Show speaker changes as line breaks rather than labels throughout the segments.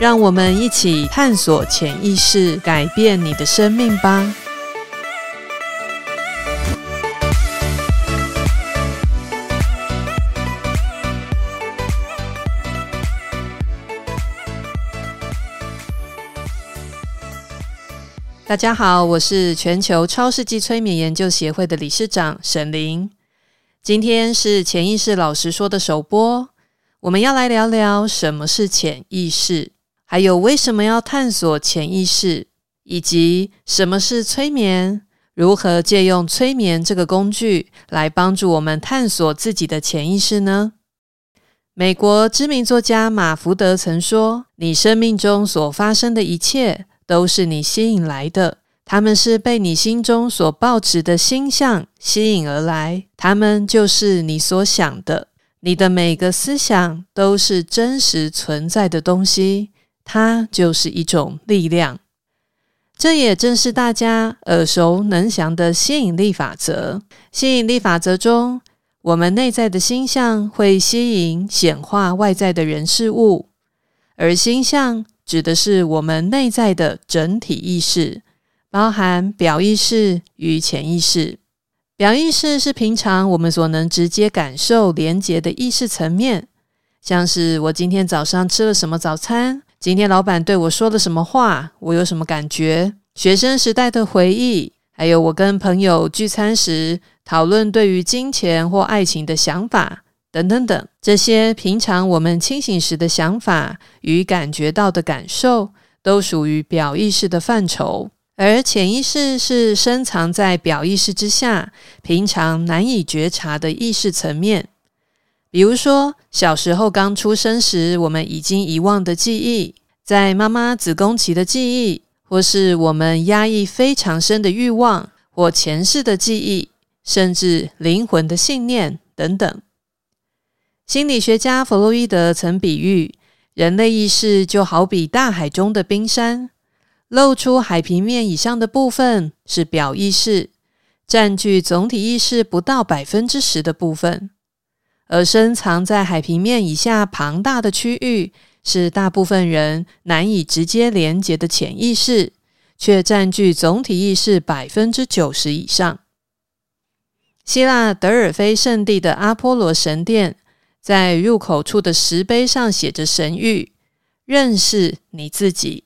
讓我們一起探索潛意識，改變你的生命吧！大家好，我是全球超世紀催眠研究協會的理事長沈伶。今天是潛意識老實說的首播，我們要來聊聊什麼是潛意識。還有為什麼要探索潛意識，以及什麼是催眠？如何借用催眠這個工具來幫助我們探索自己的潛意識呢？美國知名作家馬福德曾說：“你生命中所發生的一切都是你吸引來的，他們是被你心中所抱持的心象吸引而來，他們就是你所想的。你的每個思想都是真實存在的東西。”它就是一種力量，這也正是大家耳熟能詳的吸引力法則。吸引力法則中，我們內在的心象會吸引顯化外在的人事物，而心象指的是我們內在的整體意識，包含表意識與潛意識。表意識是平常我們所能直接感受連接的意識層面，像是我今天早上吃了什麼早餐。今天老闆對我說了什麼話？我有什麼感覺？學生時代的回憶，還有我跟朋友聚餐時討論對於金錢或愛情的想法，等等等，這些平常我們清醒時的想法與感覺到的感受，都屬於表意識的範疇，而潛意識是深藏在表意識之下，平常難以覺察的意識層面。比如說，小時候剛出生時，我們已經遺忘的記憶，在媽媽子宮期的記憶，或是我們壓抑非常深的慾望，或前世的記憶，甚至靈魂的信念等等。心理學家弗洛伊德曾比喻，人類意識就好比大海中的冰山，露出海平面以上的部分是表意識，佔據總體意識不到百分之十的部分。而深藏在海平面以下龐大的區域，是大部分人難以直接連接的潛意識，卻佔據總體意識百分之九十以上。希臘德爾菲聖地的阿波羅神殿，在入口處的石碑上寫着“神諭：認識你自己”，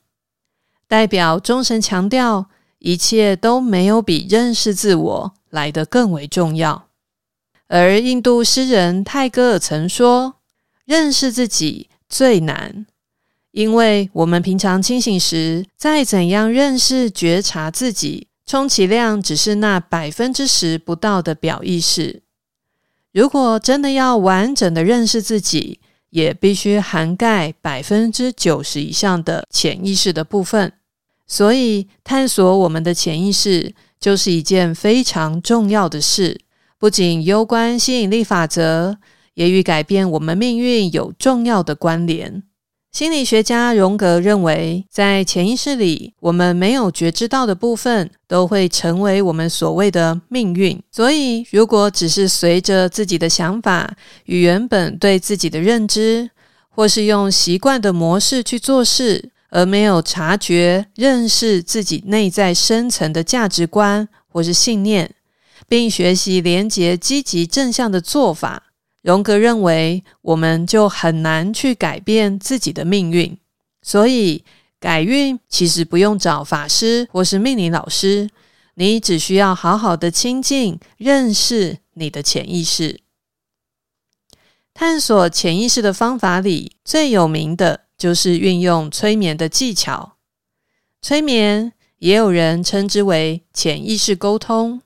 代表眾神強調，一切都沒有比認識自我來得更為重要。而印度詩人泰戈爾曾說：“認識自己最難，因為我們平常清醒時，再怎樣認識、覺察自己，充其量只是那百分之十不到的表意識。如果真的要完整的認識自己，也必須涵蓋百分之九十以上的潛意識的部分。所以，探索我們的潛意識，就是一件非常重要的事。”不僅攸關吸引力法則，也與改變我們命運有重要的關聯。心理學家榮格認為，在潛意識裡，我們沒有覺知到的部分，都會成為我們所謂的命運。所以，如果只是隨着自己的想法與原本對自己的認知，或是用習慣的模式去做事，而沒有察覺、認識自己內在深層的價值觀或是信念。並學習連結、積極、正向的做法。榮格認為，我們就很難去改變自己的命運。所以，改運其實不用找法師或是命理老師，你只需要好好的親近、認識你的潛意識。探索潛意識的方法裡，最有名的就是運用催眠的技巧。催眠也有人稱之為潛意識溝通。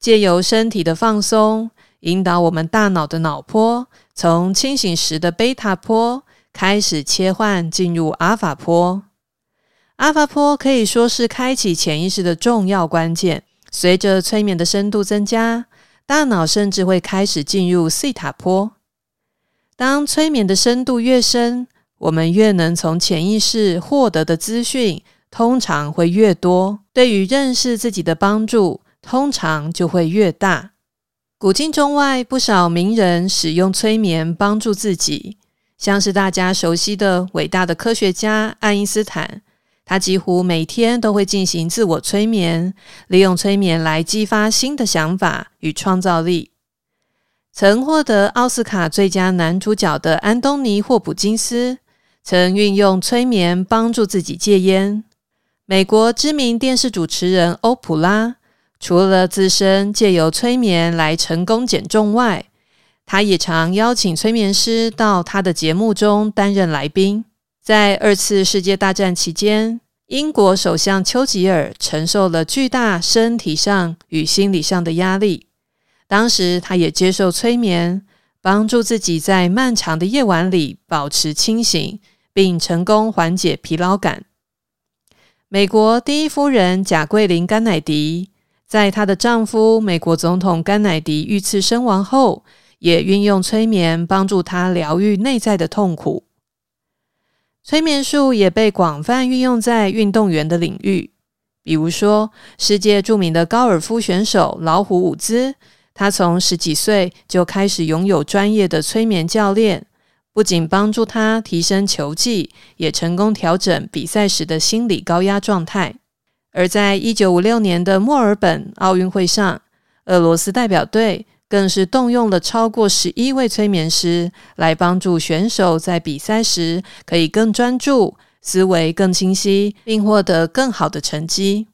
借由身體的放鬆，引導我們大腦的腦波從清醒時的貝塔波開始切換進入阿法波。阿法波可以說是開啟潛意識的重要關鍵。隨着催眠的深度增加，大腦甚至會開始進入西塔波。當催眠的深度越深，我們越能從潛意識獲得的資訊通常會越多。對於認識自己的幫助，通常就會越大。古今中外，不少名人使用催眠幫助自己，像是大家熟悉的偉大的科學家愛因斯坦，他幾乎每天都會進行自我催眠，利用催眠來激發新的想法與創造力。曾獲得奧斯卡最佳男主角的安東尼·霍普金斯，曾運用催眠幫助自己戒菸。美國知名電視主持人歐普拉，除了自身借由催眠來成功減重外，他也常邀請催眠師到他的節目中擔任來賓。在二次世界大戰期間，英國首相丘吉爾承受了巨大身體上與心理上的壓力。當時他也接受催眠，幫助自己在漫長的夜晚裡保持清醒，並成功緩解疲勞感。美國第一夫人賈桂林·甘迺迪。在她的丈夫美國總統甘乃迪遇刺身亡後，也運用催眠幫助她療癒內在的痛苦。催眠術也被廣泛運用在運動員的領域，比如說世界著名的高爾夫選手老虎伍茲，他從十幾歲就開始擁有專業的催眠教練，不僅幫助他提升球技，也成功調整比賽時的心理高壓狀態。而在一九五六年的墨爾本奧運會上，俄羅斯代表隊更是動用了超過十一位催眠師，來幫助選手在比賽時可以更專注、思維更清晰，並獲得更好的成績。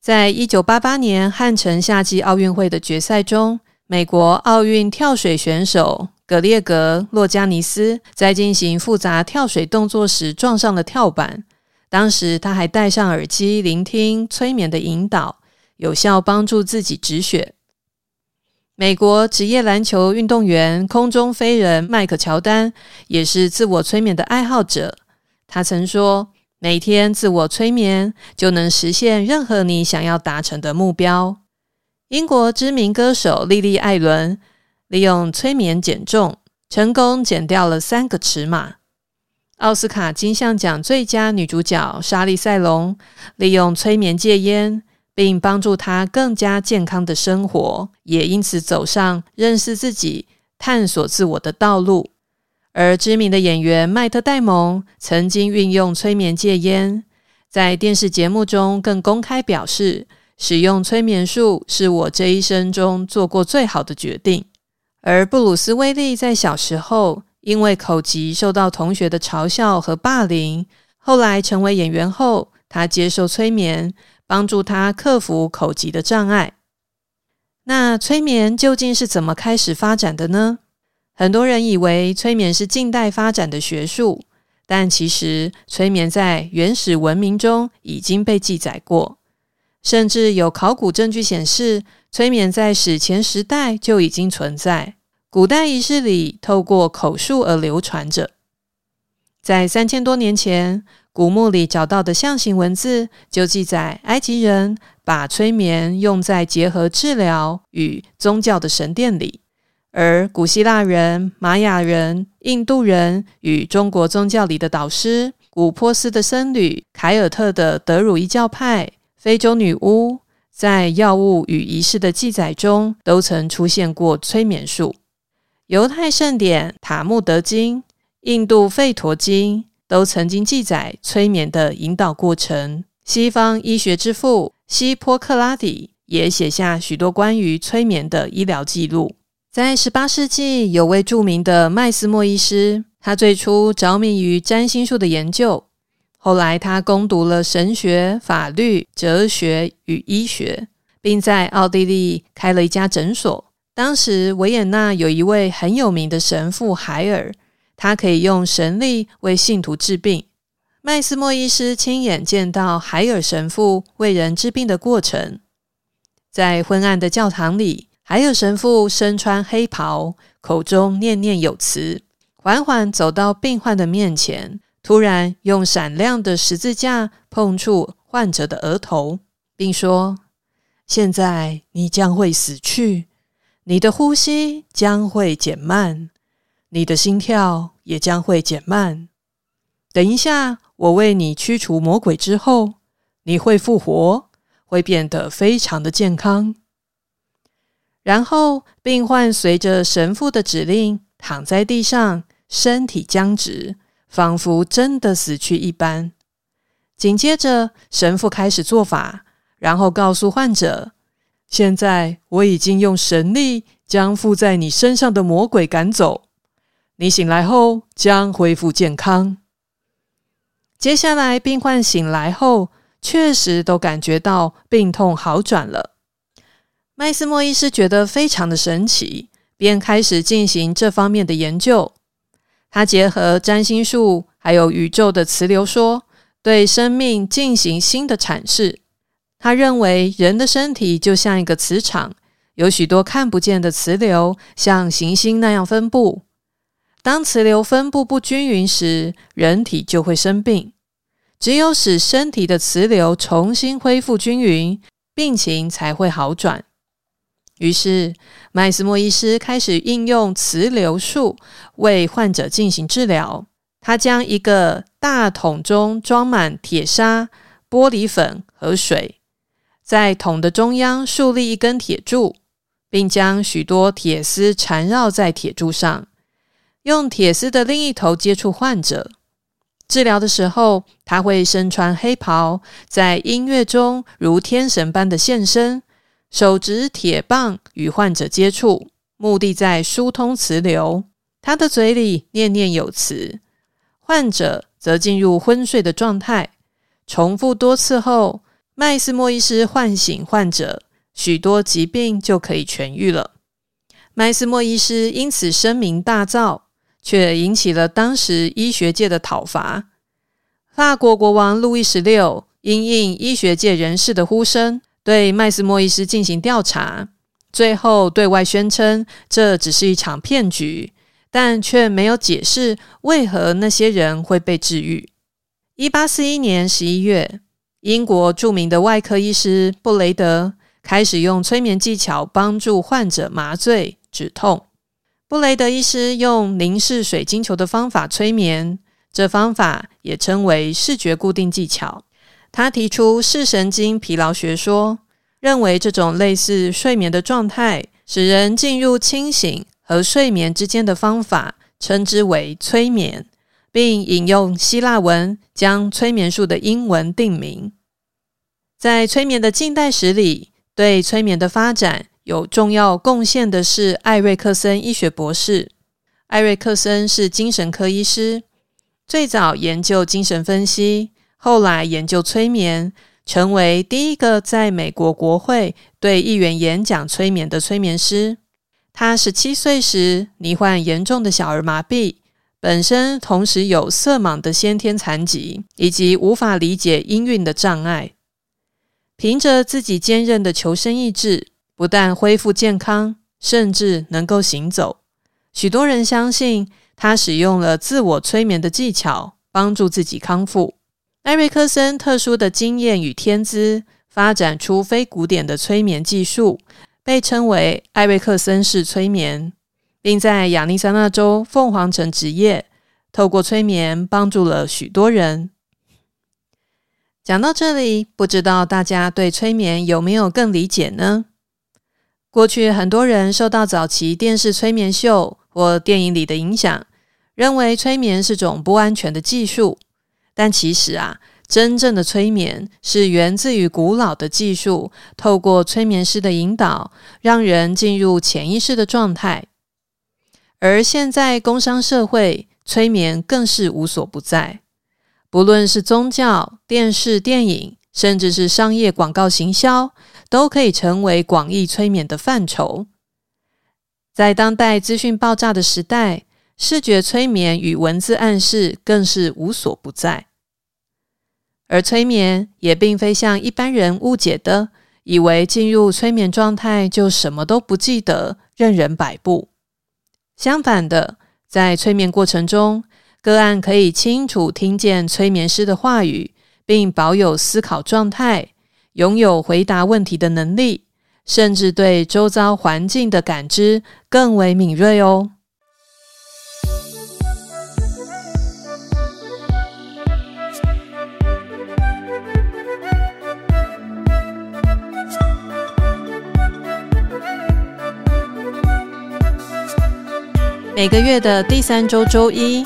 在一九八八年漢城夏季奧運會的決賽中，美國奧運跳水選手格列格·洛加尼斯在進行複雜跳水動作時撞上了跳板。當時他還戴上耳機聆聽催眠的引導，有效幫助自己止血。美國職業籃球運動員空中飛人麥可喬丹也是自我催眠的愛好者。他曾說：“每天自我催眠就能實現任何你想要達成的目標。”英國知名歌手莉莉艾倫利用催眠減重，成功減掉了三個尺碼。奧斯卡金像獎最佳女主角莎莉·賽隆，利用催眠戒菸，並幫助她更加健康的生活，也因此走上認識自己、探索自我的道路。而知名的演員麥特·戴蒙，曾經運用催眠戒菸，在電視節目中更公開表示，使用催眠術是我這一生中做過最好的決定。而布魯斯·威利在小時候，因為口疾，受到同學的嘲笑和霸凌，後來成為演員後，他接受催眠，幫助他克服口疾的障礙。那催眠究竟是怎麼開始發展的呢？很多人以為催眠是近代發展的學術，但其實催眠在原始文明中已經被記載過，甚至有考古證據顯示，催眠在史前時代就已經存在。古代儀式裡，透過口述而流傳着。在三千多年前，古墓裡找到的象形文字就記載，埃及人把催眠用在結合治療與宗教的神殿裡。而古希臘人、瑪雅人、印度人與中國宗教裡的導師、古波斯的僧侶、凱爾特的德魯伊教派、非洲女巫，在藥物與儀式的記載中，都曾出現過催眠術。猶太聖典《塔木德經》、印度《吠陀經》都曾經記載催眠的引導過程。西方醫學之父希波克拉底也寫下許多關於催眠的醫療記錄。在十八世紀，有位著名的麥斯默醫師，他最初着迷於占星術的研究，後來他攻讀了神學、法律、哲學與醫學，並在奧地利開了一家診所。當時，維也納有一位很有名的神父海爾，他可以用神力為信徒治病。麥斯默醫師親眼見到海爾神父為人治病的過程，在昏暗的教堂裡，海爾神父身穿黑袍，口中念念有詞，緩緩走到病患的面前，突然用閃亮的十字架碰觸患者的額頭，並說：“現在你將會死去。”你的呼吸將會減慢，你的心跳也將會減慢。等一下，我為你驅除魔鬼之後，你會復活，會變得非常的健康。然後，病患隨着神父的指令躺在地上，身體僵直，仿佛真的死去一般。緊接着，神父開始做法，然後告訴患者。現在我已經用神力將附在你身上的魔鬼趕走，你醒來後將恢復健康。接下來，病患醒來後確實都感覺到病痛好轉了。麥斯默醫師覺得非常的神奇，便開始進行這方面的研究。他結合占星術還有宇宙的磁流說，對生命進行新的闡釋。他認為人的身體就像一個磁場，有許多看不見的磁流，像行星那樣分布。當磁流分布不均勻時，人體就會生病。只有使身體的磁流重新恢復均勻，病情才會好轉。於是，麥斯默醫師開始應用磁流術為患者進行治療。他將一個大桶中裝滿鐵砂、玻璃粉和水。在桶的中央豎立一根鐵柱，並將許多鐵絲纏繞在鐵柱上，用鐵絲的另一頭接觸患者。治療的時候，他會身穿黑袍，在音樂中如天神般的現身，手執鐵棒與患者接觸，目的在疏通磁流。他的嘴裡念念有詞，患者則進入昏睡的狀態。重复多次後。麥斯默醫師喚醒患者，許多疾病就可以痊癒了。麥斯默醫師因此聲名大噪，卻引起了當時醫學界的討伐。法國國王路易十六因應醫學界人士的呼聲，對麥斯默醫師進行調查，最後對外宣稱這只是一場騙局，但卻沒有解釋為何那些人會被治癒。一八四一年十一月。英國著名的外科醫師布雷德開始用催眠技巧幫助患者麻醉止痛。布雷德醫師用凝視水晶球的方法催眠，這方法也稱為視覺固定技巧。他提出視神經疲勞學說，認為這種類似睡眠的狀態使人進入清醒和睡眠之間的方法稱之為催眠。並引用希臘文將催眠術的英文定名。在催眠的近代史裡，對催眠的發展有重要貢獻的是艾瑞克森醫學博士。艾瑞克森是精神科醫師，最早研究精神分析，後來研究催眠，成為第一個在美國國會對議員演講催眠的催眠師。他十七歲時罹患嚴重的小兒麻痹。本身同時有色盲的先天殘疾，以及無法理解音韻的障礙，憑着自己堅韌的求生意志，不但恢復健康，甚至能夠行走。許多人相信他使用了自我催眠的技巧，幫助自己康復。艾瑞克森特殊的經驗與天資，發展出非古典的催眠技術，被稱為艾瑞克森式催眠。並在亞利桑那州鳳凰城執業，透過催眠幫助了許多人。講到這裡，不知道大家對催眠有沒有更理解呢？過去很多人受到早期電視催眠秀或電影裡的影響，認為催眠是種不安全的技術。但其實啊，真正的催眠是源自於古老的技術，透過催眠師的引導，讓人進入潛意識的狀態。而現在，工商社會催眠更是無所不在，不論是宗教、電視、電影，甚至是商業廣告行銷，都可以成為廣義催眠的範疇。在當代資訊爆炸的時代，視覺催眠與文字暗示更是無所不在。而催眠也並非像一般人誤解的，以為進入催眠狀態就什麼都不記得，任人擺布。相反的，在催眠過程中，個案可以清楚聽見催眠師的話語，並保有思考狀態，擁有回答問題的能力，甚至對周遭環境的感知更為敏銳哦。每個月的第三周周一，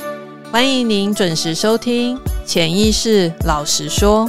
歡迎您準時收聽《潛意識老實說》。